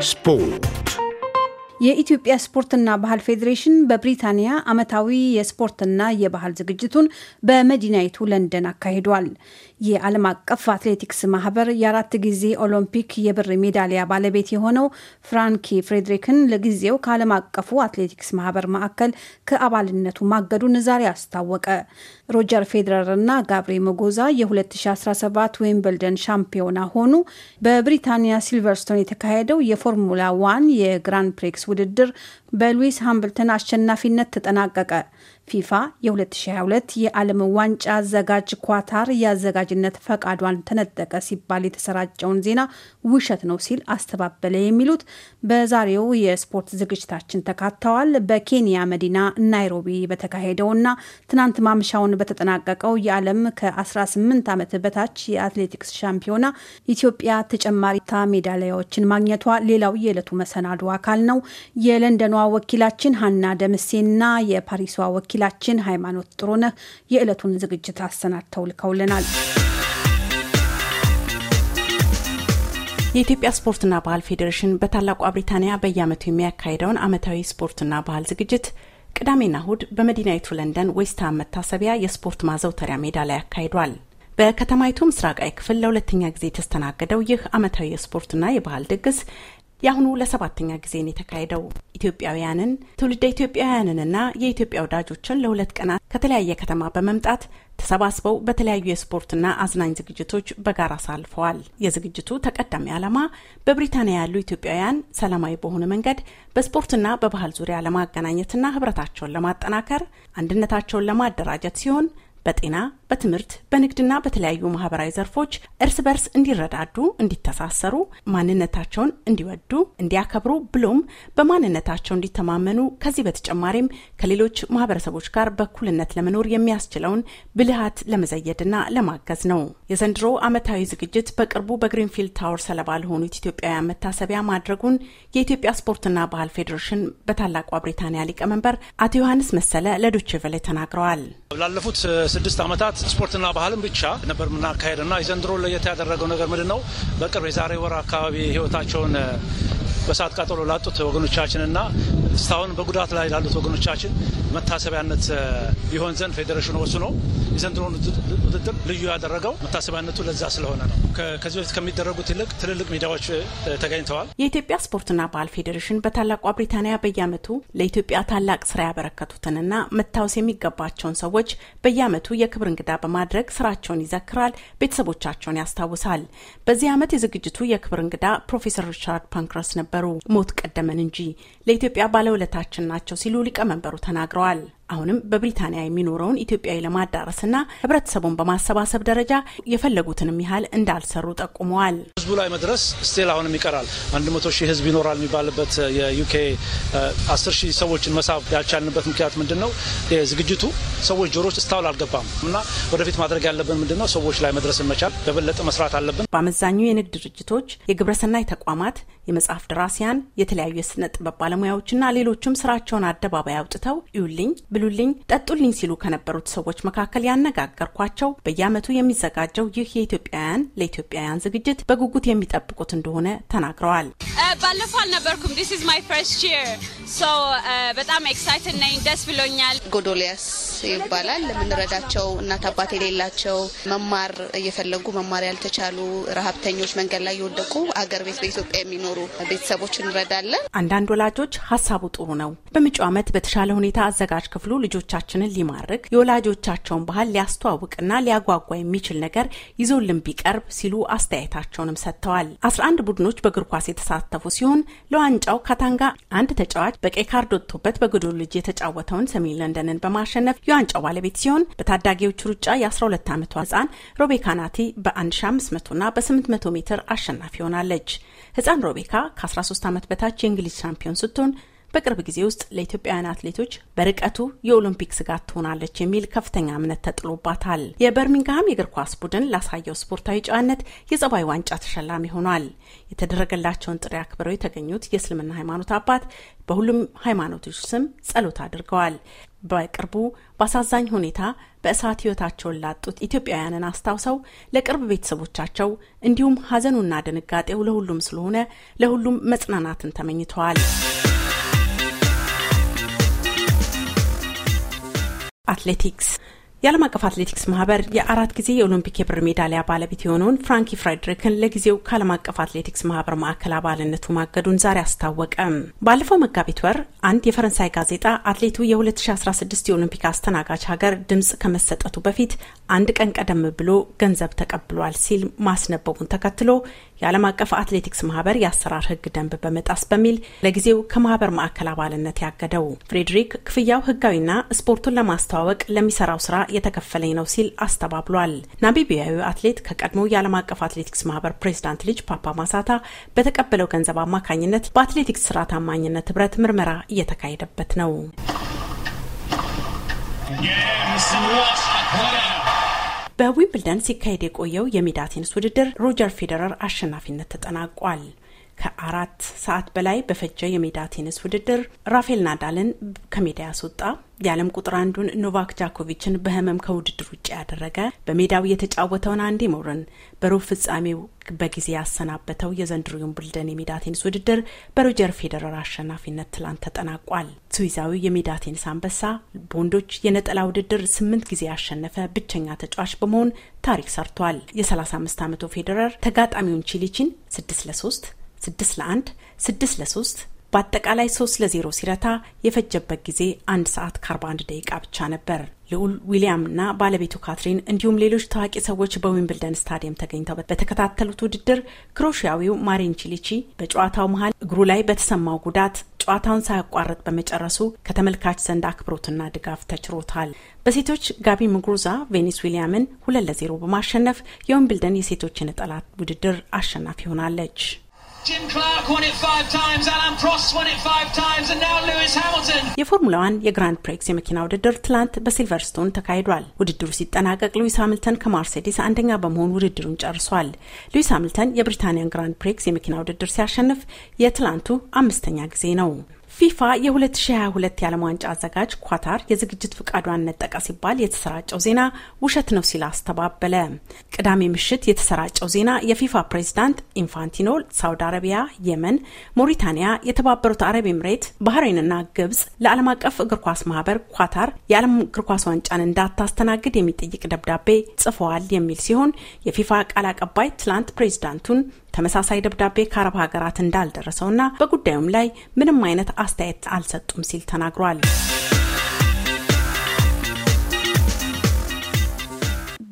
Spool. የኢትዮጵያ ስፖርትና ባህል ፌዴሬሽን በብሪታንያ ዓመታዊ የስፖርትና የባህል ዝግጅቱን በመዲናይቱ ለንደን አካሂዷል። የዓለም አቀፍ አትሌቲክስ ማህበር የአራት ጊዜ ኦሎምፒክ የብር ሜዳሊያ ባለቤት የሆነው ፍራንኪ ፍሬድሪክን ለጊዜው ከዓለም አቀፉ አትሌቲክስ ማህበር ማዕከል ከአባልነቱ ማገዱን ዛሬ አስታወቀ። ሮጀር ፌዴረር እና ጋብሬ መጎዛ የ2017 ዌምብልደን ሻምፒዮና ሆኑ። በብሪታንያ ሲልቨርስቶን የተካሄደው የፎርሙላ ዋን የግራንድ ፕሪክስ ውድድር በሉዊስ ሃምብልተን አሸናፊነት ተጠናቀቀ። ፊፋ የ2022 የዓለም ዋንጫ አዘጋጅ ኳታር የአዘጋጅነት ፈቃዷን ተነጠቀ ሲባል የተሰራጨውን ዜና ውሸት ነው ሲል አስተባበለ የሚሉት በዛሬው የስፖርት ዝግጅታችን ተካተዋል። በኬንያ መዲና ናይሮቢ በተካሄደውና ትናንት ማምሻውን በተጠናቀቀው የዓለም ከ18 ዓመት በታች የአትሌቲክስ ሻምፒዮና ኢትዮጵያ ተጨማሪ ታ ሜዳሊያዎችን ማግኘቷ ሌላው የዕለቱ መሰናዶ አካል ነው። የለንደኗ ወኪላችን ሀና ደምሴና የፓሪሷ ወኪል ወኪላችን ሃይማኖት ጥሩነህ የዕለቱን ዝግጅት አሰናድተው ልከውልናል። የኢትዮጵያ ስፖርትና ባህል ፌዴሬሽን በታላቋ ብሪታንያ በየዓመቱ የሚያካሄደውን ዓመታዊ ስፖርትና ባህል ዝግጅት ቅዳሜና እሁድ በመዲናይቱ ለንደን ዌስትሃም መታሰቢያ የስፖርት ማዘውተሪያ ሜዳ ላይ አካሂዷል። በከተማይቱ ምስራቃዊ ክፍል ለሁለተኛ ጊዜ የተስተናገደው ይህ ዓመታዊ የስፖርትና የባህል ድግስ የአሁኑ ለሰባተኛ ጊዜ ነው የተካሄደው። ኢትዮጵያውያንን ትውልደ ኢትዮጵያውያንንና የኢትዮጵያ ወዳጆችን ለሁለት ቀናት ከተለያየ ከተማ በመምጣት ተሰባስበው በተለያዩ የስፖርትና አዝናኝ ዝግጅቶች በጋራ አሳልፈዋል። የዝግጅቱ ተቀዳሚ ዓላማ በብሪታንያ ያሉ ኢትዮጵያውያን ሰላማዊ በሆነ መንገድ በስፖርትና በባህል ዙሪያ ለማገናኘትና ህብረታቸውን ለማጠናከር አንድነታቸውን ለማደራጀት ሲሆን በጤና በትምህርት በንግድና በተለያዩ ማህበራዊ ዘርፎች እርስ በርስ እንዲረዳዱ፣ እንዲተሳሰሩ፣ ማንነታቸውን እንዲወዱ፣ እንዲያከብሩ ብሎም በማንነታቸው እንዲተማመኑ ከዚህ በተጨማሪም ከሌሎች ማህበረሰቦች ጋር በእኩልነት ለመኖር የሚያስችለውን ብልሃት ለመዘየድና ለማገዝ ነው። የዘንድሮ ዓመታዊ ዝግጅት በቅርቡ በግሪንፊልድ ታወር ሰለባ ለሆኑት ኢትዮጵያውያን መታሰቢያ ማድረጉን የኢትዮጵያ ስፖርትና ባህል ፌዴሬሽን በታላቋ ብሪታንያ ሊቀመንበር አቶ ዮሐንስ መሰለ ለዶቼ ቬለ ተናግረዋል። ላለፉት ስድስት ዓመታት ዓመት ስፖርትና ባህልን ብቻ ነበር የምናካሄድና የዘንድሮ ለየት ያደረገው ነገር ምንድን ነው? በቅርብ የዛሬ ወር አካባቢ ህይወታቸውን በሳት ቃጠሎ ላጡት ወገኖቻችንና እስካሁን በጉዳት ላይ ላሉት ወገኖቻችን መታሰቢያነት ይሆን ዘንድ ፌዴሬሽኑ ወስኖ የዘንድሮን ውድድር ልዩ ያደረገው መታሰቢያነቱ ለዛ ስለሆነ ነው። ከዚህ በፊት ከሚደረጉት ይልቅ ትልልቅ ሚዲያዎች ተገኝተዋል። የኢትዮጵያ ስፖርትና ባህል ፌዴሬሽን በታላቋ ብሪታንያ በየአመቱ ለኢትዮጵያ ታላቅ ስራ ያበረከቱትንና መታወስ የሚገባቸውን ሰዎች በየዓመቱ የክብር እንግዳ በማድረግ ስራቸውን ይዘክራል፣ ቤተሰቦቻቸውን ያስታውሳል። በዚህ ዓመት የዝግጅቱ የክብር እንግዳ ፕሮፌሰር ሪቻርድ ፓንክረስ ነበሩ ሞት ቀደመን እንጂ ለኢትዮጵያ ባለውለታችን ናቸው ሲሉ ሊቀመንበሩ ተናግረዋል። አሁንም በብሪታንያ የሚኖረውን ኢትዮጵያዊ ለማዳረስና ህብረተሰቡን በማሰባሰብ ደረጃ የፈለጉትንም ያህል እንዳልሰሩ ጠቁመዋል። ህዝቡ ላይ መድረስ ስቴል አሁንም ይቀራል። አንድ መቶ ሺህ ህዝብ ይኖራል የሚባልበት የዩኬ አስር ሺህ ሰዎችን መሳብ ያልቻልንበት ምክንያት ምንድን ነው? ዝግጅቱ ሰዎች ጆሮ ውስጥ እስካሁን አልገባም እና ወደፊት ማድረግ ያለብን ምንድን ነው? ሰዎች ላይ መድረስን መቻል በበለጠ መስራት አለብን። በአመዛኙ የንግድ ድርጅቶች፣ የግብረሰናይ ተቋማት፣ የመጽሐፍ ደራሲያን፣ የተለያዩ የስነ ጥበብ ባለሙያዎችና ሌሎችም ስራቸውን አደባባይ አውጥተው ይውልኝ ብሉልኝ፣ ጠጡልኝ ሲሉ ከነበሩት ሰዎች መካከል ያነጋገርኳቸው በየዓመቱ የሚዘጋጀው ይህ የኢትዮጵያውያን ለኢትዮጵያውያን ዝግጅት በጉጉት የሚጠብቁት እንደሆነ ተናግረዋል። uh, ባለፈው አልነበርኩም። ዲስ ኢዝ ማይ ፈርስት ይር ሶ በጣም ኤክሳይትድ ነኝ። ደስ ብሎኛል። ጎዶሊያስ ይባላል። የምንረዳቸው እናት አባት የሌላቸው መማር እየፈለጉ መማር ያልተቻሉ ረሀብተኞች፣ መንገድ ላይ የወደቁ አገር ቤት በኢትዮጵያ የሚኖሩ ቤተሰቦች እንረዳለን። አንዳንድ ወላጆች ሀሳቡ ጥሩ ነው፣ በምጩ ዓመት በተሻለ ሁኔታ አዘጋጅ ክፍሉ ክፍሉ ልጆቻችንን ሊማርክ የወላጆቻቸውን ባህል ሊያስተዋውቅና ሊያጓጓ የሚችል ነገር ይዞልን ቢቀርብ ሲሉ አስተያየታቸውንም ሰጥተዋል። አስራ አንድ ቡድኖች በእግር ኳስ የተሳተፉ ሲሆን ለዋንጫው ካታንጋ አንድ ተጫዋች በቀይ ካርድ ወጥቶበት በግዱ ልጅ የተጫወተውን ሰሜን ለንደንን በማሸነፍ የዋንጫው ባለቤት ሲሆን በታዳጊዎች ሩጫ የ12 ዓመቷ ህፃን ሮቤካ ናቲ በ1500ና በ800 ሜትር አሸናፊ ሆናለች። ህፃን ሮቤካ ከ13 ዓመት በታች የእንግሊዝ ሻምፒዮን ስትሆን በቅርብ ጊዜ ውስጥ ለኢትዮጵያውያን አትሌቶች በርቀቱ የኦሎምፒክ ስጋት ትሆናለች የሚል ከፍተኛ እምነት ተጥሎባታል። የበርሚንግሃም የእግር ኳስ ቡድን ላሳየው ስፖርታዊ ጨዋነት የጸባይ ዋንጫ ተሸላሚ ሆኗል። የተደረገላቸውን ጥሪ አክብረው የተገኙት የእስልምና ሃይማኖት አባት በሁሉም ሃይማኖቶች ስም ጸሎት አድርገዋል። በቅርቡ በአሳዛኝ ሁኔታ በእሳት ህይወታቸውን ላጡት ኢትዮጵያውያንን አስታውሰው ለቅርብ ቤተሰቦቻቸው እንዲሁም ሀዘኑና ድንጋጤው ለሁሉም ስለሆነ ለሁሉም መጽናናትን ተመኝተዋል። አትሌቲክስ የዓለም አቀፍ አትሌቲክስ ማህበር የአራት ጊዜ የኦሎምፒክ የብር ሜዳሊያ ባለቤት የሆነውን ፍራንኪ ፍሬድሪክን ለጊዜው ከዓለም አቀፍ አትሌቲክስ ማህበር ማዕከል አባልነቱ ማገዱን ዛሬ አስታወቀ። ባለፈው መጋቢት ወር አንድ የፈረንሳይ ጋዜጣ አትሌቱ የ2016 የኦሎምፒክ አስተናጋጅ ሀገር ድምፅ ከመሰጠቱ በፊት አንድ ቀን ቀደም ብሎ ገንዘብ ተቀብሏል ሲል ማስነበቡን ተከትሎ የዓለም አቀፍ አትሌቲክስ ማህበር የአሰራር ህግ ደንብ በመጣስ በሚል ለጊዜው ከማህበር ማዕከል አባልነት ያገደው ፍሬድሪክ ክፍያው ህጋዊና ስፖርቱን ለማስተዋወቅ ለሚሰራው ስራ የተከፈለኝ ነው ሲል አስተባብሏል። ናሚቢያዊ አትሌት ከቀድሞ የዓለም አቀፍ አትሌቲክስ ማህበር ፕሬዚዳንት ልጅ ፓፓ ማሳታ በተቀበለው ገንዘብ አማካኝነት በአትሌቲክስ ስራ ታማኝነት ህብረት ምርመራ እየተካሄደበት ነው። በዊምብልደን ሲካሄድ የቆየው የሜዳ ቴኒስ ውድድር ሮጀር ፌዴረር አሸናፊነት ተጠናቋል። ከአራት ሰዓት በላይ በፈጀ የሜዳ ቴኒስ ውድድር ራፌል ናዳልን ከሜዳ ያስወጣ የዓለም ቁጥር አንዱን ኖቫክ ጃኮቪችን በህመም ከውድድር ውጭ ያደረገ በሜዳው የተጫወተውን አንዲ ሙርን በሩብ ፍጻሜው በጊዜ ያሰናበተው የዘንድሮውን ብልደን የሜዳ ቴኒስ ውድድር በሮጀር ፌዴረር አሸናፊነት ትላንት ተጠናቋል። ስዊዛዊ የሜዳ ቴኒስ አንበሳ በወንዶች የነጠላ ውድድር ስምንት ጊዜ ያሸነፈ ብቸኛ ተጫዋች በመሆን ታሪክ ሰርቷል። የ35 ዓመቱ ፌዴረር ተጋጣሚውን ቺሊችን 6 ለ3 ስድስት ለአንድ ስድስት ለሶስት በአጠቃላይ ሶስት ለዜሮ ሲረታ የፈጀበት ጊዜ አንድ ሰዓት ከ41 ደቂቃ ብቻ ነበር። ልዑል ዊሊያም ና ባለቤቱ ካትሪን እንዲሁም ሌሎች ታዋቂ ሰዎች በዊምብልደን ስታዲየም ተገኝተው በተከታተሉት ውድድር ክሮሽያዊው ማሪን ቺሊቺ በጨዋታው መሀል እግሩ ላይ በተሰማው ጉዳት ጨዋታውን ሳያቋርጥ በመጨረሱ ከተመልካች ዘንድ አክብሮትና ድጋፍ ተችሮታል። በሴቶች ጋቢ ምጉሩዛ ቬኒስ ዊሊያምን ሁለት ለዜሮ በማሸነፍ የዊምብልደን የሴቶችን ጠላት ውድድር አሸናፊ ሆናለች። የፎርሙላ ዋን የግራንድ ፕሪክስ የመኪና ውድድር ትላንት በሲልቨርስቶን ተካሂዷል። ውድድሩ ሲጠናቀቅ ሉዊስ ሃሚልተን ከማርሴዲስ አንደኛ በመሆን ውድድሩን ጨርሷል። ሉዊስ ሃሚልተን የብሪታንያን ግራንድ ፕሪክስ የመኪና ውድድር ሲያሸንፍ የትላንቱ አምስተኛ ጊዜ ነው። ፊፋ የ2022 የዓለም ዋንጫ አዘጋጅ ኳታር የዝግጅት ፍቃዷን ነጠቀ ሲባል የተሰራጨው ዜና ውሸት ነው ሲል አስተባበለ። ቅዳሜ ምሽት የተሰራጨው ዜና የፊፋ ፕሬዚዳንት ኢንፋንቲኖ ሳውዲ አረቢያ፣ የመን፣ ሞሪታንያ፣ የተባበሩት አረብ ኤምሬት፣ ባህሬንና ግብጽ ለዓለም አቀፍ እግር ኳስ ማህበር ኳታር የዓለም እግር ኳስ ዋንጫን እንዳታስተናግድ የሚጠይቅ ደብዳቤ ጽፈዋል የሚል ሲሆን የፊፋ ቃል አቀባይ ትላንት ፕሬዚዳንቱን ተመሳሳይ ደብዳቤ ከአረብ ሀገራት እንዳልደረሰውና በጉዳዩም ላይ ምንም አይነት አስተያየት አልሰጡም ሲል ተናግሯል።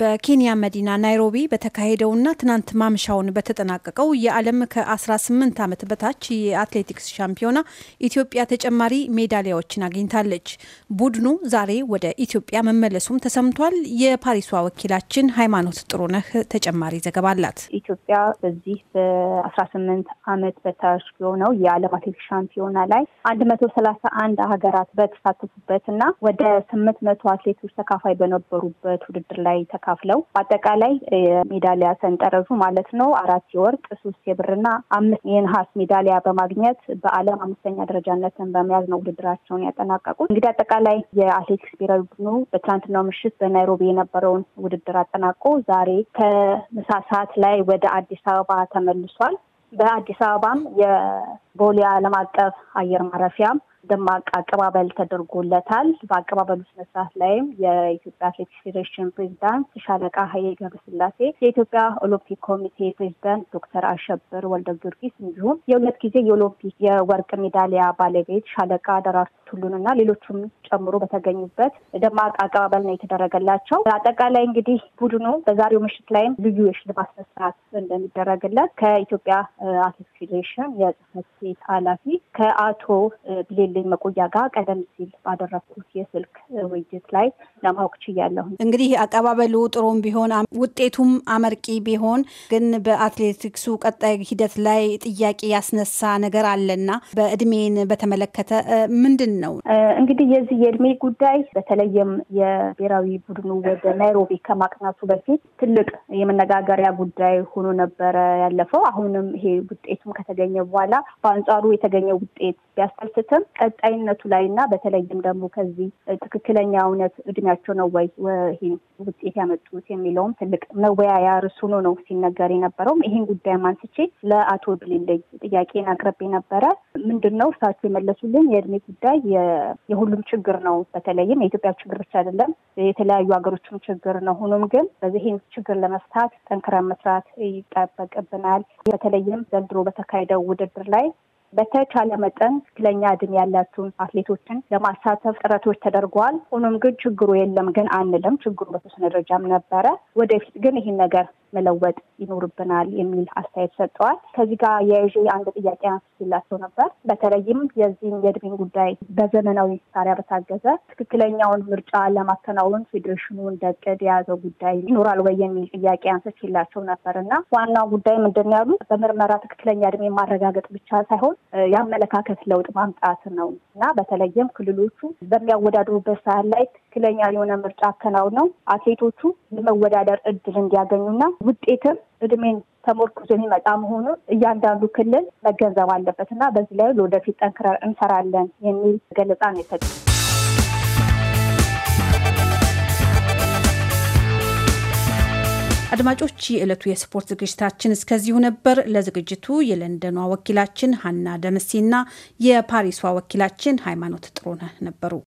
በኬንያ መዲና ናይሮቢ በተካሄደውና ትናንት ማምሻውን በተጠናቀቀው የዓለም ከ18 ዓመት በታች የአትሌቲክስ ሻምፒዮና ኢትዮጵያ ተጨማሪ ሜዳሊያዎችን አግኝታለች። ቡድኑ ዛሬ ወደ ኢትዮጵያ መመለሱም ተሰምቷል። የፓሪሷ ወኪላችን ሃይማኖት ጥሩነህ ተጨማሪ ዘገባ አላት። ኢትዮጵያ በዚህ በ18 ዓመት በታች የሆነው የዓለም አትሌቲክስ ሻምፒዮና ላይ 131 ሀገራት በተሳተፉበት እና ወደ 800 አትሌቶች ተካፋይ በነበሩበት ውድድር ላይ ተካ ተካፍለው አጠቃላይ የሜዳሊያ ሰንጠረዙ ማለት ነው አራት የወርቅ ሶስት የብርና አምስት የነሐስ ሜዳሊያ በማግኘት በዓለም አምስተኛ ደረጃነትን በመያዝ ነው ውድድራቸውን ያጠናቀቁት። እንግዲህ አጠቃላይ የአትሌቲክስ ብሔራዊ ቡድኑ በትናንትናው ምሽት በናይሮቢ የነበረውን ውድድር አጠናቆ ዛሬ ከምሳ ሰዓት ላይ ወደ አዲስ አበባ ተመልሷል። በአዲስ አበባም የቦሌ ዓለም አቀፍ አየር ማረፊያም ደማቅ አቀባበል ተደርጎለታል። በአቀባበሉ ስነስርዓት ላይም የኢትዮጵያ አትሌቲክስ ፌዴሬሽን ፕሬዚዳንት ሻለቃ ኃይሌ ገብረስላሴ፣ የኢትዮጵያ ኦሎምፒክ ኮሚቴ ፕሬዚዳንት ዶክተር አሸብር ወልደ ጊዮርጊስ እንዲሁም የሁለት ጊዜ የኦሎምፒክ የወርቅ ሜዳሊያ ባለቤት ሻለቃ ደራርቱ ቱሉንና ሌሎቹም ጨምሮ በተገኙበት ደማቅ አቀባበል ነው የተደረገላቸው። አጠቃላይ እንግዲህ ቡድኑ በዛሬው ምሽት ላይም ልዩ የሽልማት ስነስርዓት እንደሚደረግለት ከኢትዮጵያ አትሌቲክስ ፌዴሬሽን የጽህፈት ቤት ኃላፊ ከአቶ ብሌ ከግሌ መቆያ ጋር ቀደም ሲል ባደረግኩት የስልክ ውይይት ላይ ለማወቅ ችያለሁ። እንግዲህ አቀባበሉ ጥሩም ቢሆን ውጤቱም አመርቂ ቢሆን ግን በአትሌቲክሱ ቀጣይ ሂደት ላይ ጥያቄ ያስነሳ ነገር አለና በእድሜን በተመለከተ ምንድን ነው እንግዲህ የዚህ የእድሜ ጉዳይ በተለይም የብሔራዊ ቡድኑ ወደ ናይሮቢ ከማቅናቱ በፊት ትልቅ የመነጋገሪያ ጉዳይ ሆኖ ነበረ ያለፈው። አሁንም ይሄ ውጤቱም ከተገኘ በኋላ በአንጻሩ የተገኘ ውጤት ቢያስፈልስትም ቀጣይነቱ ላይ እና በተለይም ደግሞ ከዚህ ትክክለኛ እውነት እድሜያቸው ነው ወይ ይህን ውጤት ያመጡት የሚለውም ትልቅ መወያያ ርሱ ሆኖ ነው ሲነገር የነበረውም። ይህን ጉዳይ ማንስቼ ለአቶ ድልልኝ ጥያቄን አቅርቤ ነበረ። ምንድን ነው እሳቸው የመለሱልኝ የእድሜ ጉዳይ የሁሉም ችግር ነው። በተለይም የኢትዮጵያ ችግር ብቻ አይደለም፣ የተለያዩ ሀገሮችም ችግር ነው። ሆኖም ግን በዚህን ችግር ለመፍታት ጠንክረን መስራት ይጠበቅብናል። በተለይም ዘንድሮ በተካሄደው ውድድር ላይ በተቻለ መጠን ትክክለኛ እድሜ ያላቸውን አትሌቶችን ለማሳተፍ ጥረቶች ተደርጓል። ሆኖም ግን ችግሩ የለም ግን አንልም። ችግሩ በተወሰነ ደረጃም ነበረ። ወደፊት ግን ይህን ነገር መለወጥ ይኖርብናል የሚል አስተያየት ሰጠዋል። ከዚህ ጋር የይዤ አንድ ጥያቄ አንስቼላቸው ነበር። በተለይም የዚህም የእድሜን ጉዳይ በዘመናዊ መሳሪያ በታገዘ ትክክለኛውን ምርጫ ለማከናወን ፌዴሬሽኑ እንደ እቅድ የያዘው ጉዳይ ይኖራል ወይ የሚል ጥያቄ አንስቼላቸው ነበር እና ዋናው ጉዳይ ምንድን ያሉ በምርመራ ትክክለኛ እድሜ ማረጋገጥ ብቻ ሳይሆን የአመለካከት ለውጥ ማምጣት ነው እና በተለይም ክልሎቹ በሚያወዳድሩበት ሰዓት ላይ ትክክለኛ የሆነ ምርጫ አከናውነው አትሌቶቹ የመወዳደር እድል እንዲያገኙና ውጤትም እድሜን ተሞርክዞ የሚመጣ መሆኑን እያንዳንዱ ክልል መገንዘብ አለበት እና በዚህ ላይ ለወደፊት ጠንክረን እንሰራለን የሚል ገለጻ ነው የሰጡ። አድማጮች፣ የዕለቱ የስፖርት ዝግጅታችን እስከዚሁ ነበር። ለዝግጅቱ የለንደኗ ወኪላችን ሀና ደምሴና የፓሪሷ ወኪላችን ሃይማኖት ጥሩነህ ነበሩ።